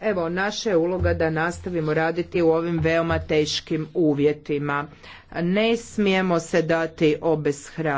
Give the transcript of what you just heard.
Evo, naša je uloga da nastavimo raditi u ovim veoma teškim uvjetima. Ne smijemo se dati obeshrabriti.